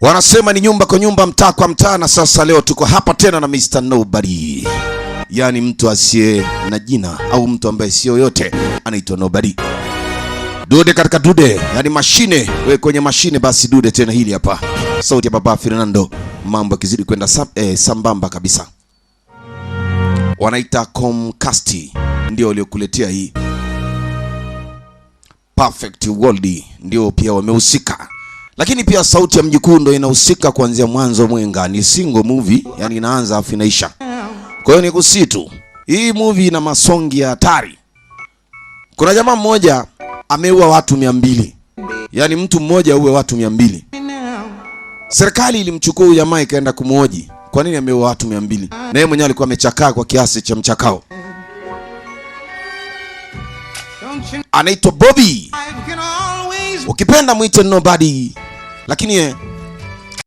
Wanasema ni nyumba kwa nyumba, mtaa kwa mtaa, na sasa leo tuko hapa tena na Mr. Nobody, yaani mtu asiye na jina au mtu ambaye sio yote, anaitwa Nobody. Dude katika dude, yani mashine, we kwenye mashine, basi dude tena hili hapa. Sauti ya Baba Fernando, mambo yakizidi kwenda eh, sambamba kabisa. Wanaita Comcast ndio waliokuletea hii Perfect World, ndio pia wamehusika lakini pia sauti ya mjukuu ndo inahusika kuanzia mwanzo mwenga. Ni single movie, yani inaanza afu inaisha. Kwa hiyo ni kusitu. Hii movie ina masongi ya hatari. Kuna jamaa mmoja ameua watu mia mbili. Yaani mtu mmoja uwe watu mia mbili. Serikali ilimchukua huyu jamaa ikaenda kumhoji. Kwa nini ameua watu mia mbili? Na yeye mwenyewe alikuwa amechakaa kwa kiasi cha mchakao. Anaitwa Bobby. Ukipenda mwite nobody lakini eh,